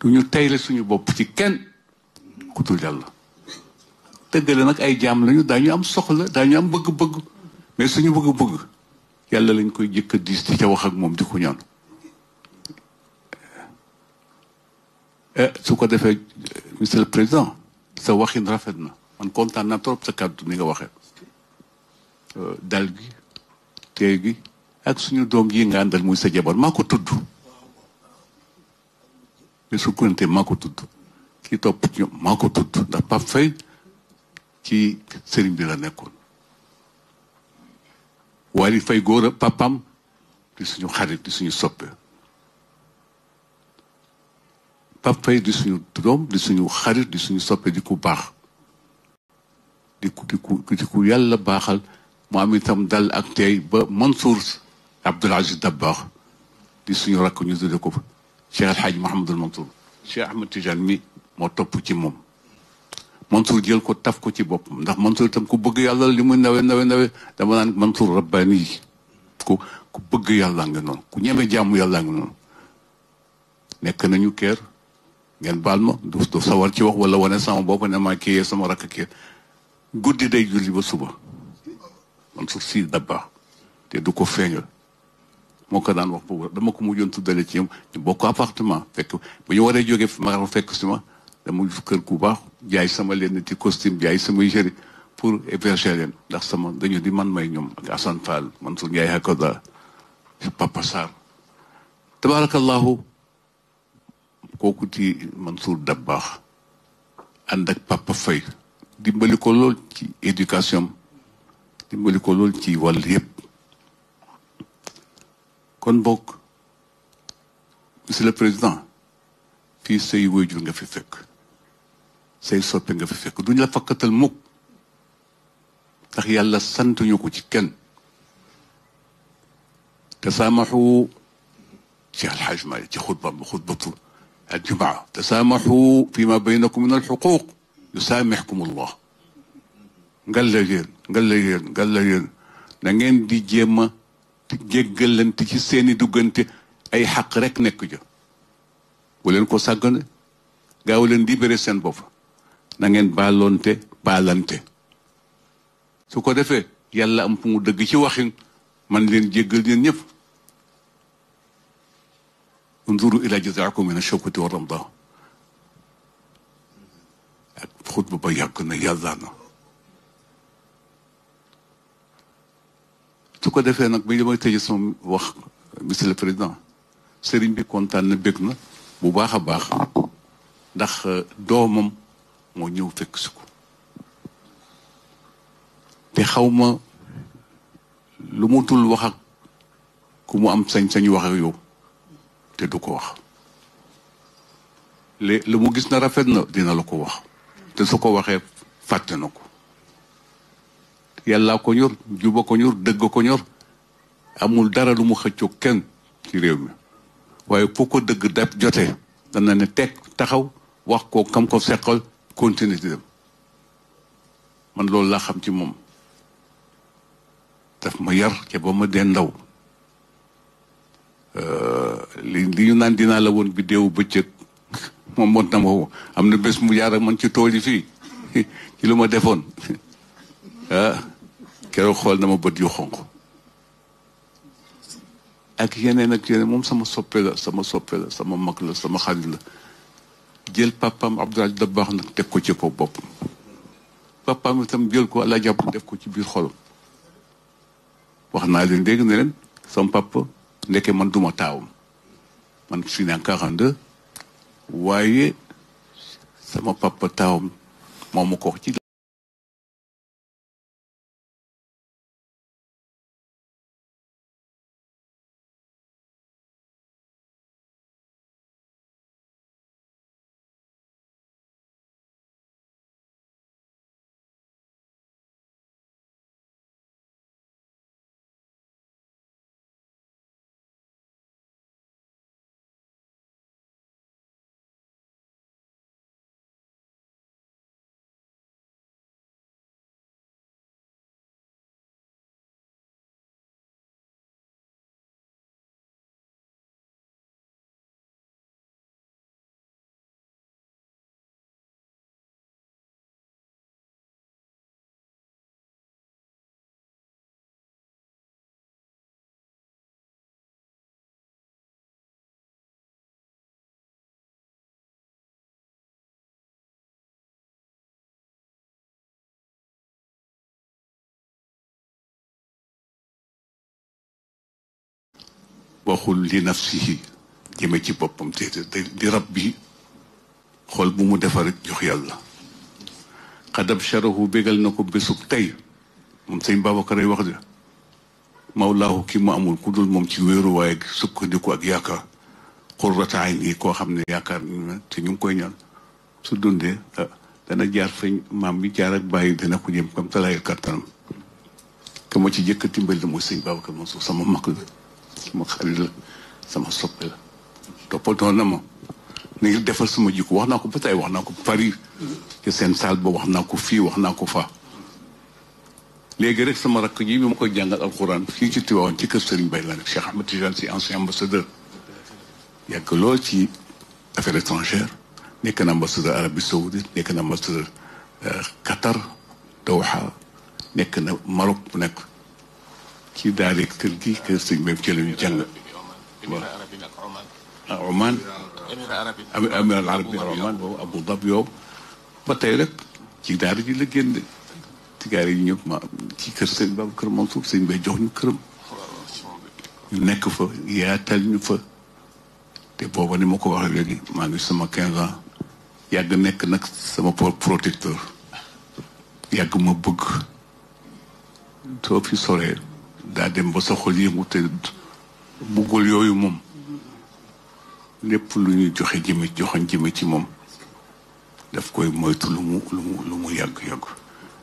du ñu tayle suñu bopp ci kenn ku dul yàlla tëggale nag ay jaam lañu daañu am soxla daañu am bëgg-bëgg mais suñu bëgg-bëgg yàlla lañ koy jëkk a diis di ca wax ak moom di ko ñaan eh, su ko defee monsieur le président sa waxin rafet na man kontaan naa trop sa kàddu ni nga waxee eh, dal gi tey gi ak suñu doom yi nga àndal muy sa jabar maa ko tudd Youssou Kounté maa ko tudd ki topp ci maa ko tudd ndax Pape Faye ci sëriñ bi la nekkoon Wali fay góor a papam di suñu xarit di suñu soppe Pape di suñu doom di suñu xarit di suñu soppe ku baax di ku di ku di ku yàlla baaxal mu am itam dal ak tey ba Mansour Abdoul Aziz Dabakh di suñu rakk ñu tudde ko Cheikh El Hadj Mouhamadul Mansour Cheikh Ahmed Tidiane mi moo topp ci moom Mansour jël ko taf ko ci boppam ndax Mansour itam ku bëgg yàlla li muy nawe nawe nawe dama naan Mansour rabbaani yi ku ku bëgg yàlla nga noonu ku ñeme jàmm yàlla nga noonu nekk nañu keer ngeen baal ma du du sawar ci wax wala wane sama bopp ne maa kiyee sama rakk kii guddi day julli ba suba Mansour sii dabba te du ko feeñal moo ko daan wax boobu dama ko mujjoon tuddale ci yow ñu bokk appartement fekk bu ñu waree jógee ma fekk si ma dama kër gu baax jaay sama lenn di costume jaay sama yére pour héberger leen ndax sama dañu di man may ñoom ak Assane Fall Mansour Ndiaye Hakoda Papa Sarr tabarakallahu kooku ci Mansour Dabbaax ànd ak Papa Faye dimbali ko lool ci éducation dimbali ko lool ci wàll yëpp kon bokk monsieur la président fii say waajur nga fi fekk say soppe nga fi fekk duñu la fakkatal mukk ndax yàlla sant ñu ko ci kenn tasaamaxu ci alxaaj Maalik ci xutba xutbatu fi ma baynakum min alxuquq yusaamixkum allah ngal la yéen ngal la yéen ngal la yéen na di jéem jéggalante ci seeni duggante ay xaq rekk nekk jo bu leen ko sàggane gaaw leen libéré seen bopp nangeen ngeen baalonte baalante su ko defee yàlla am fu mu dëgg ci waxin man leen jéggal ñeen ñëpp unzuru ila jazaakum min a wa ramda ak xutba ba yàgg na yàlla na su ko defee nag bi damay tëjee sama wax monsieur le président sëriñ bi kontaan na bég na bu baax a baax ndax euh, doomam moo ñëw fekk si ko te xawma lu mu tul wax ak ku mu am sañ-sañu wax ak te du ko wax lé lu mu gis na rafet na dina la ko wax te su ko waxee fàtte na ko yàllaa ko ñor juba ko ñor dëgg ko ñor amul dara lu mu xëccoo kenn ci réew mi waaye fu ko dëgg daf jotee dana ne teg taxaw wax ko kam ko seqal continuer di dem man loolu laa xam ci moom daf ma yar ca ba ma dee ndaw euh, li li ñu naan dinaa la woon biddeewu bëccëg moom moon na ma am na bés mu jaar man ci tool yi fii ci lu ma defoon ah. keroog xool na ma bët yu xonq ak yeneen ak yeneen moom sama soppe la sama soppe la sama mag la sama xarit la jël papaam Abdoulaye da baax nag teg ko ci ko bopp papaam itam jël ko àla jàpp def ko ci biir xolam wax naa leen dégg ne leen sama papa ndekkee man duma taawam man je suis né waaye sama papa taawam moo ma ci waxul li nafsihi jëme ci boppam téete di rab bi xool bu mu defar jox yàlla xadab sharahu bégal na ko bésub tey moom sëñ Babacar ay wax de mawlaahu ki mu amul ku dul moom ci wéeruwaay sukkandiku ak yaakaar xurrata ayn yi koo xam ne yaakaar te ñu ngi koy ñaan su dundee ah, dana jaar feñ maam bi jaar ak bàyyi dana ko jëm comme talaayal kattanam ka ma ci jëkk a dimbali mooy sëñ Babacar Mansour sama mag la sama xarit la sama soppe toppatoo na ma ni ngi defal sama jikko wax naa ko ba tey wax naa ko Paris seen salle ba wax naa ko fii wax naa ko fa léegi rek sama rakk ji bi ma koy jàngal alxuraan fii ci Tiwaawan ci kër Serigne Baye la nekk Cheikh Ahmed Tidiane Sy ancien ambassadeur yàgg lool ci affaires étrangères nekk na ambassadeur Arabie Saoudite nekk na ambassadeur euh, Qatar Doha nekk na Maroc bu nekk ci daare kër gi kër sëñ ah, bi ci jàng ah amiral Abu Dhabi yow ba tey rek ci daara ji la génne tigaar yi ñëpp ma ci kër sëñ ba kër Mansour sëñ ba jox ñu këram ñu nekk fa yaatal ñu fa te booba ni ma ko waxee léegi maa ngi sama 15 yàgg nekk nag sama protecteur yàgg ma bëgg soo fi soree daa dem ba sa xol yëngu te buggul yooyu moom lépp lu ñuy joxe jëme joxoñ jëme ci moom daf koy moytu lu mu lu mu yàgg-yàgg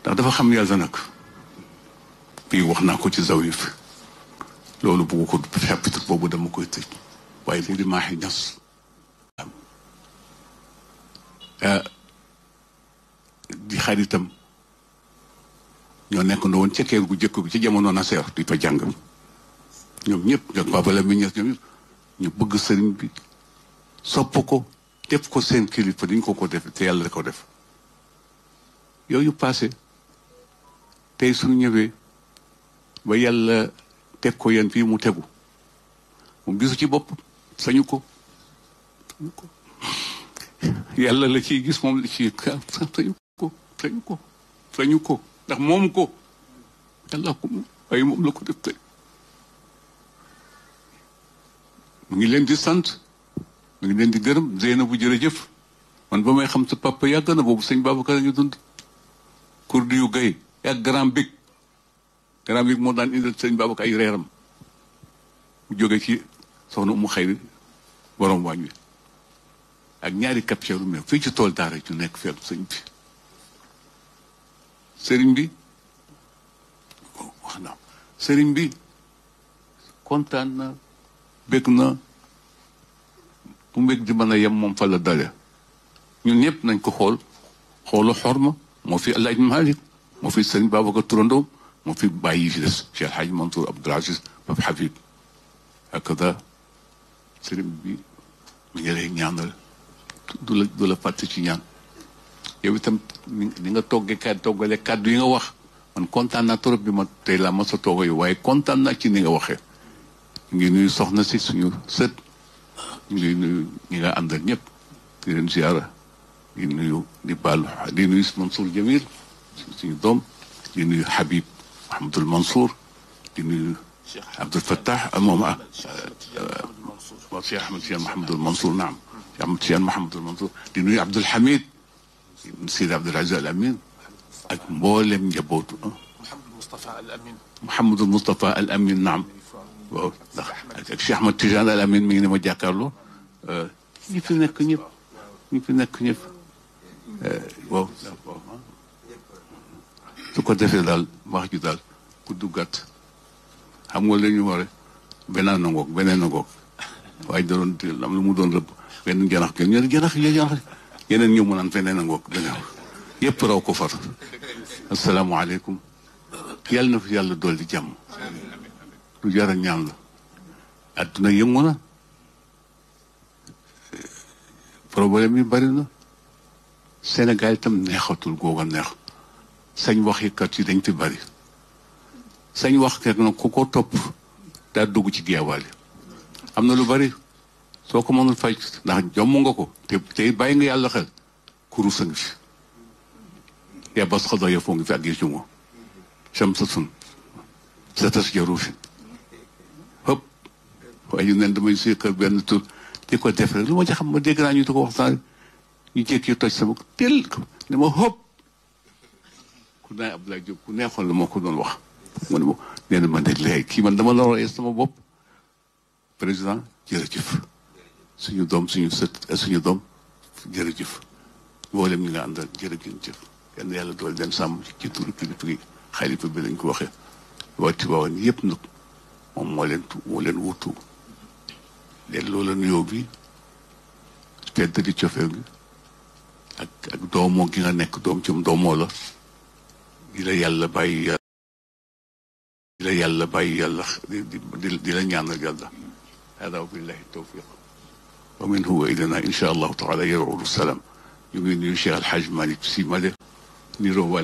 ndax dafa xam yàlla nag bii wax naa ko ci zawif loolu bugg ko chapitre boobu dama koy tëj waaye mu di maaxi ñas ah, di xaritam ñoo nekk na woon ca kër gu jëkk bi ci jamono Nasser di fa jàng ñoom ñëpp ñoom Papa ñoom ñëpp ñu bëgg sëriñ bi sopp ko def ko seen kilifa diñ ko ko def yàlla ko def yooyu passé tey suñu ñëwee ba yàlla teg ko yéen fii mu tegu moom gisu ci bopp sañu ko yàlla la ciy gis moom la ciy sañu ko sañu ko ko ndax moom ko yàlla ko moom waaye moom la ko def tey mu ngi leen di sant mu ngi leen di gërëm Zeynabu jërëjëf man ba may xam sa papa yàgg na boobu sëñ Babacar a ngi dund kurdi yu gay ak grand big grand big moo daan indil sëñ Babacar ay reeram mu jóge ci soxna umu xayri borom waañ wi ak ñaari capteur mais fii ci tool daara ju nekk feeb sëñ bi sëriñ bi wax na sëriñ bi kontaan na bég na bu mbég di mën a dale ñun ñëpp nañ ko xool xool xorma moo fi El Hadj Malick moo fi sëriñ Babacar Turandoo moo fi bàyyi fi des Cheikh Hadj Mansour Abdoul Aziz Pape Habib akada sëriñ bi mi ngi lay du la du ci ñaan yow itam ni nga toggee ka toggale kàddu yi nga wax man kontaan naa trop bi ma tey laa ma sa tooga yu waaye kontaan naa ci ni nga waxee ñu ngi nuyu soxna si suñu sët ñu ngi nuyu ñi nga àndal ñëpp di leen ziara di nuyu di baalu di nuyu Mansour Jamil suñu doom di nuyu Habib Mahamadul Mansour di nuyu Abdul Fattah ah, moom ah, ah Cheikh Ahmed Tidiane Mahamadul Mansour naam Cheikh Ahmed Tidiane Mahamadul Mansour di nuyu Abdul Hamid Seydi Abdoul Aziz Al Amin ak mboolem njabootu Mouhamadul Moustapha Al Amin naam waaw ndax ak Cheikh Ahmad Tijaan Al Amin mi ngi ne ma jàkkaarloo ñi fi nekk ñëpp ñi fi nekk ñëpp waaw su ko defee daal wax ju daal ku duggaat xam nga la ñu war a beneen na ngoog beneen na ngoog waaye da doon am lu mu doon rëbb benn janax kenn ñaari janax ñaari janax yeneen ñëw mu naan feneen a ngoog da raw ko far asalaamaaleykum yàlla na fi yàlla dool dolli jàmm lu jar a ñaan la àdduna yëngu na problème yi bari na Sénégal itam neexatul googa neex sañ waxikat yi dañ ci bari sañ wax kek nag ku ko topp daa dugg ci geewaal yi am na lu bari soo ko mënul faj ndax jomm nga ko te te bàyyi nga yàlla xel kurus a ngi fi yaa bas xadoo ya ngi fi ak yi ci sa sun sa tas jaru fi hëpp waaye ñu neen damay siqal benn tur di ko def rek lu ma ci xam ma dégg naa ñu di ko waxtaan ñu jékki toj sama ko ne ma hëpp ku naay Abdoulaye ku neexoon lu ma ko doon wax mu ne ma nee na ma ne kii man dama loree sama bopp président jërëjëf suñu doom suñu sët eh, suñu doom jërëjëf mboolem ñi nga àndal jërëjëf yal na yàlla doo den sàmm ci turu kilifa gi bi lañ ko waxee waaye Tiwaawan yëpp nag moom moo leen moo leen wutu leen loola nuyoo bi fedd di cofeel gi ak ak doomoo gi nga nekk doom ci doomoo la di la yàlla bàyyi yàlla di la yàlla ñaanal yàlla hada wa billahi ومن هو إذن إن شاء الله تعالى يرعون السلام يمين إن شاء الحاج مالك سيمالك نيروال